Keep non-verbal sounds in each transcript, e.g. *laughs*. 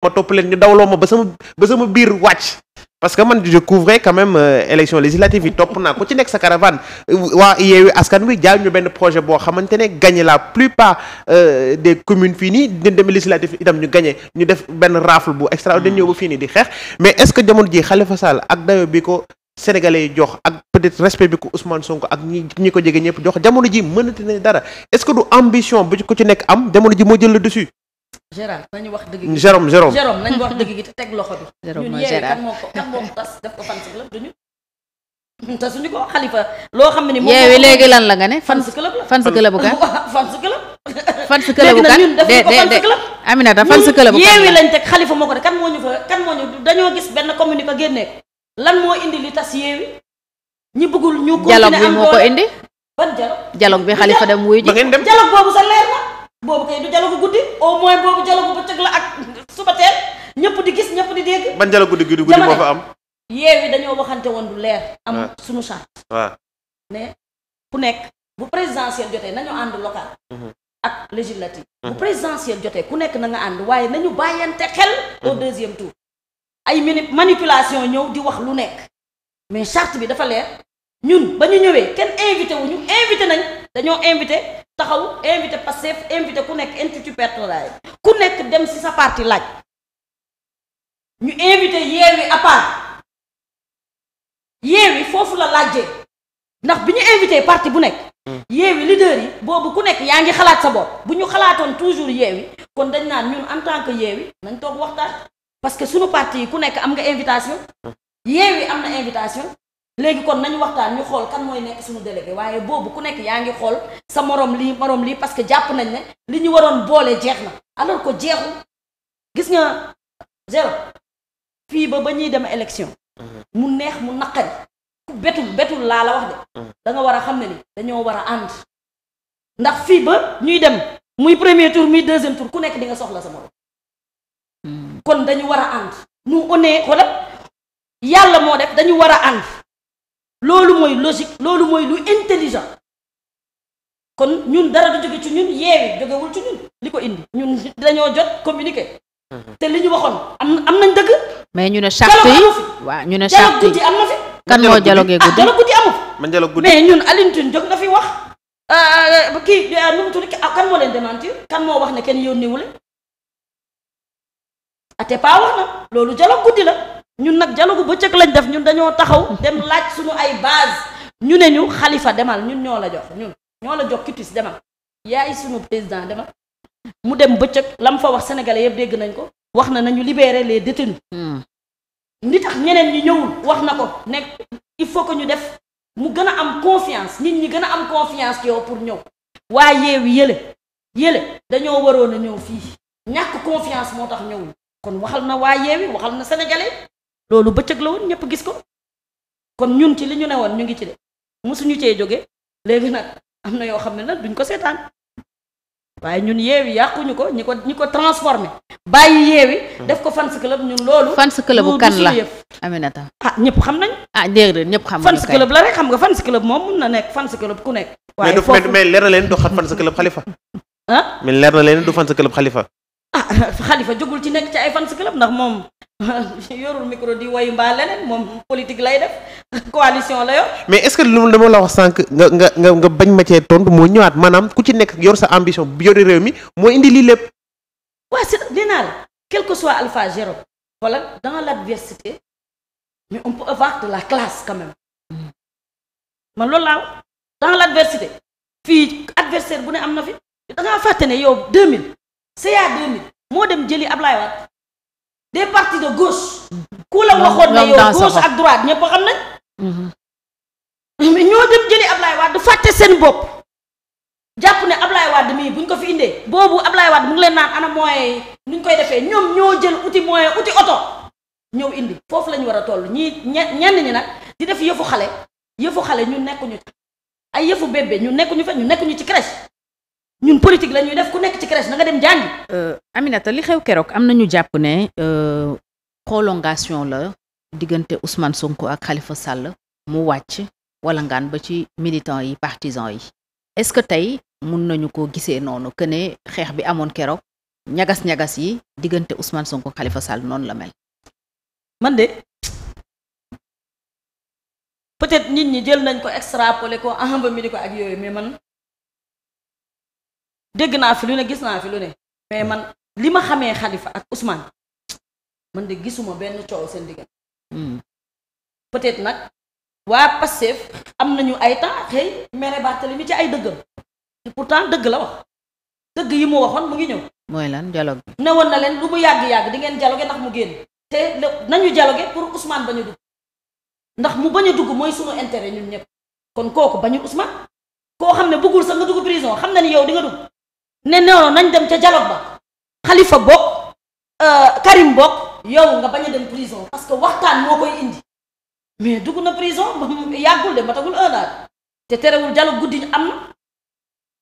ma topp leen ñu dawloo ma ba sama ba sama biir wàcc parce que man je couvrais quand même euh, élection législative yi topp naa ku ci nekk sa caravane waa Yewwi Askan Wi jaay ñu benn projet boo xamante ne gagné la plupart euh, des communes fii nii di demee législative itam ñu gagné ñu def benn rafle bu extraordinaire fii nii di xeex mais est-ce que jamono ji Khalifa Sall ak dayo bi ko Sénégalais yi jox ak peut-être respect bi ko Ousmane Sonko ak ñi ñi ko jege ñëpp jox jamono ji mënati na dara est-ce que du ambition bu ko ci nekk am jamono ji moo jël le dessus Jérôme nañu wax dëgg gi Jérôme Jérôme Jérôme nañu wax dëgg gi te teg loxo bi. Jérôme *laughs* mooy Jérôme ñun kan moo ko kan *laughs* loo xam ne ni moom léegi lan la nga ne. fans club la fans club kan. *laughs* fans club. fans club kan léegi nag ñun fans club. Aminata lañ teg xalifa moo ko ne kan moo ñu fa kan moo ñu dañoo gis benn communiqué lan moo indi li tas yeewi ñi bëggul ñu. bi moo ko indi. ban dialogue dialogue bi xalifa dem wuy ngeen dem boobu sa leer na boobu kay du dialogue guddi au moins boobu dialogue bu bëccëg la ak suba teel ñëpp di gis ñëpp di dégg. ban dialogue guddi guddi guddi moo fa am. yeewi dañoo waxante woon lu leer. am ah. suñu charte. waaw ah. ne ku nekk bu présidentiel jotee nañu ànd local. Mhm. ak législative. bu mhm. présidentiel jotee ku nekk na nga ànd waaye nañu bàyyante xel. au mhm. deuxième tour. ay mini manipulation ñëw di wax lu nekk. mais charte bi dafa leer ñun ba ñu ñëwee kenn invité ñu invité nañ dañoo invité. taxaw invité Pastef invité ku nekk institut pertoraay ku nekk dem ci sa parti laaj ñu invité Yewwi à part foofu la laajee ndax bi ñu invité parti bu nekk mm. Yewwi leader yi boobu ku nekk yaa ngi xalaat sa bopp bu ñu xalaatoon toujours Yewwi kon dañ naan ñun en tant que Yewwi nañ toog waxtaan parce que suñu parti yi ku nekk am nga invitation mm. Yewwi am na invitation léegi kon nañu waxtaan ñu xool kan mooy nekk suñu délégué waaye boobu ku nekk yaa ngi xool sa morom lii morom lii parce que jàpp nañ ne li ñu waroon boole jeex na alors que jeexu gis nga zéro fii ba ba ñuy dem élection mu neex mu naqari ku betul betul laa la wax de mm-hmm. da war a xam ne ni dañoo war a ànd ndax fii ba ñuy dem muy premier tour muy deuxième tour ku nekk di nga soxla sa morom mm-hmm. kon dañu war a ànd nous on xoolal yàlla moo def dañu war a ànd loolu mooy logique loolu mooy lu intelligent kon ñun dara du jóge ci ñun yeewi jógewul ci ñun li ko indi ñun dañoo jot communiqué mhm. te li ñu waxoon am am nañ dëgg mais ñu ne charte yi waaw ñu ne charte yi am na fi kan moo dialogue guddi ah, dialogue guddi amu man ñun Alioune Tine jóg na fi wax euh, kii euh, nu mu tudd ah, kan moo leen démentir kan moo wax ne kenn yónniwule ate pas wax na loolu dialogue guddi la ñun nag dialogue bu bëccëg lañ def ñun dañoo taxaw dem laaj suñu ay base ñu ne ñu xalifa demal ñun ñoo la jox ñun ñoo la jox kitis demal yaay suñu président demal mu dem bëccëg la mu fa wax sénégalais yëpp dégg nañ ko wax na nañu libérer les détenus hmm. li tax ñeneen ñi ñëwul wax na ko nekk il faut que ñu def mu gën a am confiance nit ñi gën a am confiance ci pour ñëw waa yeewi yële yële dañoo waroon ñëw fii ñàkk confiance moo tax ñëwul kon waxal na waa na sénégalais loolu bëccëg la woon ñëpp gis ko kon ñun ci li ñu ne woon ñu ngi ci de mu suñu cee jóge léegi nag am na yoo xam ne nag duñ ko seetaan waaye ñun yeewi yàquñu ko ñi ko ñi ko transformé bàyyi yeewi. def ko fans club ñun loolu. fans club bu kan la Aminata ah ñëpp xam nañ ah déedéet ñëpp xam nañ fans club la rek xam nga fans club moom mun na nekk fans club ku nekk. waaye foofu mais leer na leen du xat fans club xalifa. ah mais leer na leen du fans club xalifa. ah xalifa jógul ci nekk ci ay fans club ndax moom *laughs* yorul micro di wayu leneen moom politique lay def *laughs* coalition la yor. mais est-ce que dama la wax sànq nga nga nga nga bañ ma cee tontu moo ñëwaat manaam ku ci nekk yor sa ambition bu yore réew mi moo indi lii lépp. waaw si nee que soit alpha zéro voilà dans l'adversité mais on peut avoir de la classe loolu laa dans l'adversité fii adversaire bu ne am na fi fàtte ne yow 2000 CA moo dem jëli Ablaye Wade. des partis de gauche. ku la waxoon ne yow gauche ak droite ñëpp xam nañ. Mm-hmm. mais ñoo dem jëli Ablaye Wade fàtte seen bopp. jàpp ne Ablaye Wade mii buñ ko fi indee. boobu Ablaye Wade mu ngi leen naan ana moyen nuñ koy defee ñoom ñoo jël outil moyen outil oto. ñëw indi foofu lañu war a toll ñii ñenn ñi nag di def yëfu xale yëfu xale ñu nekkuñu ay yëfu bébé ñu nekkuñu fa ñu nekkuñu ci crèche. ñun politique la def ku nekk ci crèche na dem jàngi. Euh, Aminata li xew keroog am nañu jàpp ne euh, prolongation la diggante Ousmane Sonko ak Khalifa Sall mu wàcc wala ngaan ba ci militants yi partisans yi est-ce que tey mun nañu ko gisee noonu que ne xeex bi amoon keroog ñagas-ñagas yi diggante Ousmane Sonko Khalifa Sall noonu la mel. man de peut nit ñi jël nañ ko extrapolé ko ahamba mi di ko ak yooyu mais man. dégg naa fi lu ne gis naa fi lu ne mais man li ma xamee xalifa ak Ousmane man de gisuma benn coow seen diggante. Hmm. peut-être nag waa Pastef am nañu ay temps xëy mere Barthélemy ci ay dëggam pour pourtant dëgg la wax dëgg yi mu waxoon mu ngi ñëw. mooy lan dialogue bi. newoon na leen lu mu yàgg-yàgg di ngeen dialogue ndax mu génn te nañu dialogue pour Ousmane bañ a dugg ndax mu bañ a dugg mooy sunu intérêt ñun ñëpp kon kooku bañu Ousmane koo xam ne bëggul sax nga dugg xam na ni yow di nga dugg. ne noonu nañ dem ca dialogue ba Khalifa bokk euh, Karim bokk yow nga bañ dem prison parce que waxtaan moo koy indi mais dugg na prison ba yàggul de matagul un an te terewul dialogue guddi am na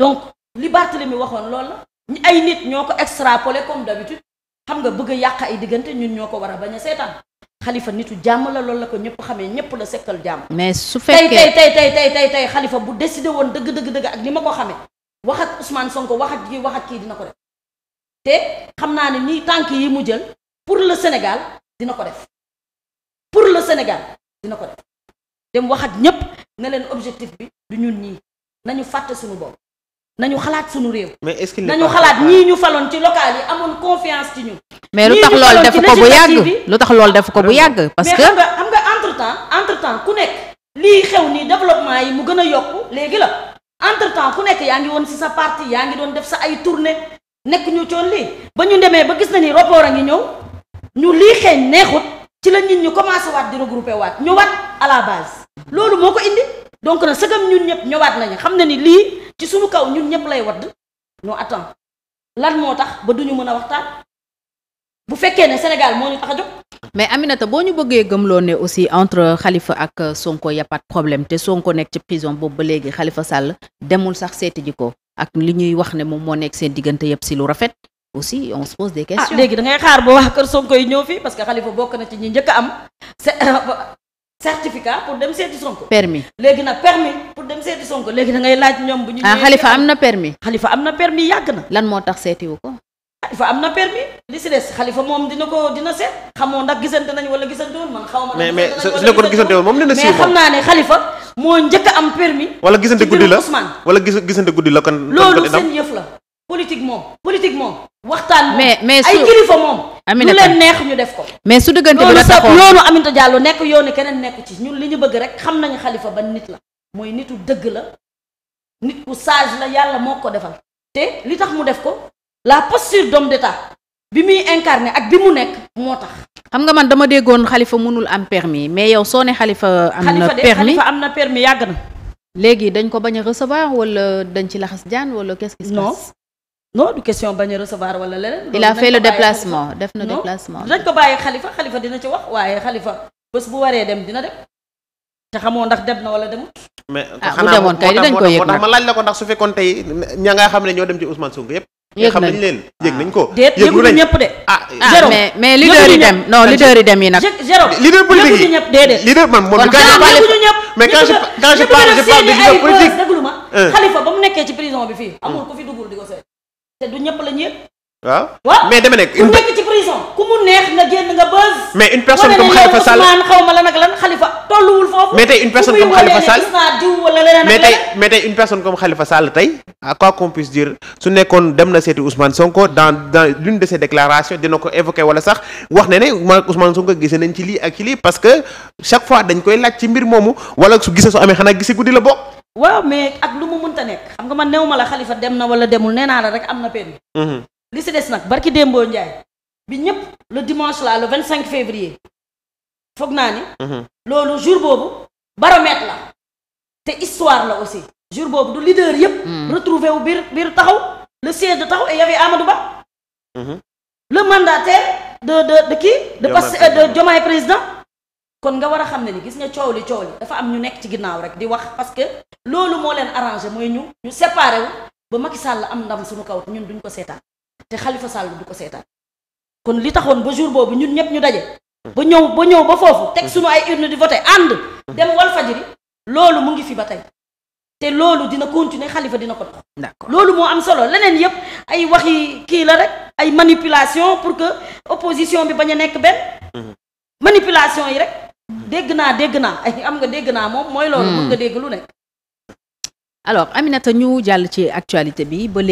donc li Barthélemy waxoon loolu la ñu ay nit ñoo ko extrapolé comme d'habitude xam nga bëgg yàq ay diggante ñun ñoo ko war a bañ seetaan xalifa nitu jàmm la loolu la ko ñëpp xamee ñëpp la sekkal jàmm. mais su fekkee tey tey tey tey tey tey xalifa bu décidé woon dëgg dëgg dëgg ak ni ma xamee. wax ak Ousmane Sonko wax ak kii kii dina ko def te xam naa ne nii tànk yi mu jël pour le Sénégal dina ko def pour le Sénégal dina ko def dem waxat ak ñépp ne leen objectif bi du ñun ñii nañu fàtte suñu bopp nañu xalaat suñu réew. mais est-ce que nañu xalaat ñii ñu faloon ci local yi amoon confiance ci ñun. mais lu tax loolu def ko bu yàgg lu tax loolu def ko bu yàgg. parce que mais xam nga entre temps entre temps ku nekk lii xew nii développement yi mu gën a yokk léegi la. entre temps ku nekk yaa ngi woon si sa parti yaa ngi doon def sa ay tournée nekk ñu coon lii ba ñu demee ba gis na ni rapport a ngi ñëw ñu lii xeeñ neexut ci la nit ñu commencé waat di regroupé waat ñëwaat à la base loolu moo ko indi donc na sëgam ñun ñëpp ñëwaat nañu xam ne ni lii ci suñu kaw ñun ñëpp lay wadd non attends lan moo tax ba duñu mën a waxtaan bu fekkee ne Sénégal moo ñu tax a jóg mais Aminata boo ñu bëggee gëmloo ne aussi entre Khalifa ak Sonko y a problème te Sonko nekk ci prison boobu ba léegi xalifa Sall demul sax seeti ji ko ak li ñuy wax ne moom moo nekk seen diggante yëpp si lu rafet aussi on se pose des ah, questions. léegi da ngay xaar ba wax kër Sonko yi ñëw fii parce que Khalifa bokk na ci ñi njëkk am. Euh, certificat pour dem seeti Sonko. permis léegi nag permis pour dem seeti Sonko léegi da ngay laaj ñoom bu ñu. ah Khalifa am na permis. Khalifa am na permis yàgg na. lan moo tax seetiwu ko. li si des xalifa moom dina ko dina seet xamoo ndax gisante nañu wala gisante woon man xaw ma mais mais su nekkoon gisante woon moom dina siiw mais xam naa ne xalifa moo njëkk am permis wala gisante guddi la wala gis gisante guddi la kon loolu seen yëf la politique moom politique moom waxtaan mais mais ay kilifa moom lu leen neex ñu def ko mais su dëggante bi la taxoon loolu Aminata Diallo nekk yoonu keneen nekk ci ñun li ñu bëgg rek xam nañu xalifa ba nit la mooy nitu dëgg la nit ku sage la yàlla moo ko defal te li tax mu def ko la posture d'homme d'état bi muy incarné ak bi mu nekk moo tax. xam nga man dama déggoon xalifa mënul am permis mais yow soo ne xalifa. am na permis xalifa am na permis yàgg na. léegi dañ ko bañ a recevoir wala dañ ci laxas jaan wala qu'est-ce qui se passe. non du question bañ a recevoir wala leneen. il a fait le déplacement def na déplacement. dañ ko bàyyi xalifa xalifa dina ci wax waaye xalifa bés bu waree dem dina dem. te xamoo ndax dem na wala demut. ah bu demoon kay dinañ ko yëg moo ma laaj la ko ndax su fekkoon tey ña nga xam ne ñoo dem ci Ousmane Sonko yëg nañ leen yëg nañ ko. déet yëgul de. ah, ah, ah mais mais leader dem non leader dem yi nag. zéro leader politique yi déedéet. leader man moom mais quand de leader politique déglu ma xalifa ba mu nekkee ci prison bi fii. amul ku fi dugul di ko seet. te du ñëpp la ñëpp. waaw mais dama nekk. ku nekk ci prison neex nga génn nga bës. mais une personne comme Khalifa Sall la nag lan Khalifa tolluwul foofu. mais tey une personne comme Khalifa Sall mais tey mais tey une personne comme Khalifa Sall tey. puisse dire su nekkoon dem na seeti Ousmane Sonko dans dans l'une de ses déclarations dina ko évoquer wala sax wax ne ne Ousmane Sonko gisee nañ ci lii ak ci lii parce que chaque fois dañ koy laaj ci mbir moomu wala su gisee su amee xanaa gisee guddi la bokk. waaw mais ak lu mu mënta nekk. xam nga man new ma la xalifa dem na wala demul nee naa la rek am na peine. Mhm. li si des nag barki Dembo Ndiaye bi ñëpp le dimanche là le vingt cinq février foog naa ni. Mhm. loolu jour boobu baromètre la te histoire la aussi jour boobu du leader yëpp. Mhm. retrouvé wu biir biir taxaw le siège de taxaw et y Amadou Ba. Mhm. le mandataire de de de kii. de pass euh, de Diomaye président. kon nga war a xam ne ni gis nga coow li coow li dafa am ñu nekk ci ginnaaw rek di wax parce que loolu moo leen arrangé mooy ñu ñu séparé wu ba Macky sàll am ndam suñu kaw ñun duñ ko seetaan te xalifa Sall du ko seetaan. kon li taxoon ba jour boobu ñun ñëpp ñu daje. ba ñëw ba ñëw ba foofu. teg suñu ay urne di voté ànd. dem wal fajiri loolu mu ngi fi ba tey. te loolu dina continuer xalifa dina ko dox. loolu moo am solo leneen yëpp ay waxi kii la rek ay manipulation pour que opposition bi bañ a nekk benn. Mhm. manipulation yi rek. dégg naa dégg naa ay am nga dégg naa moom mooy loolu. Hmm. mun nga dégg lu nekk. alors jàll ci actualité bi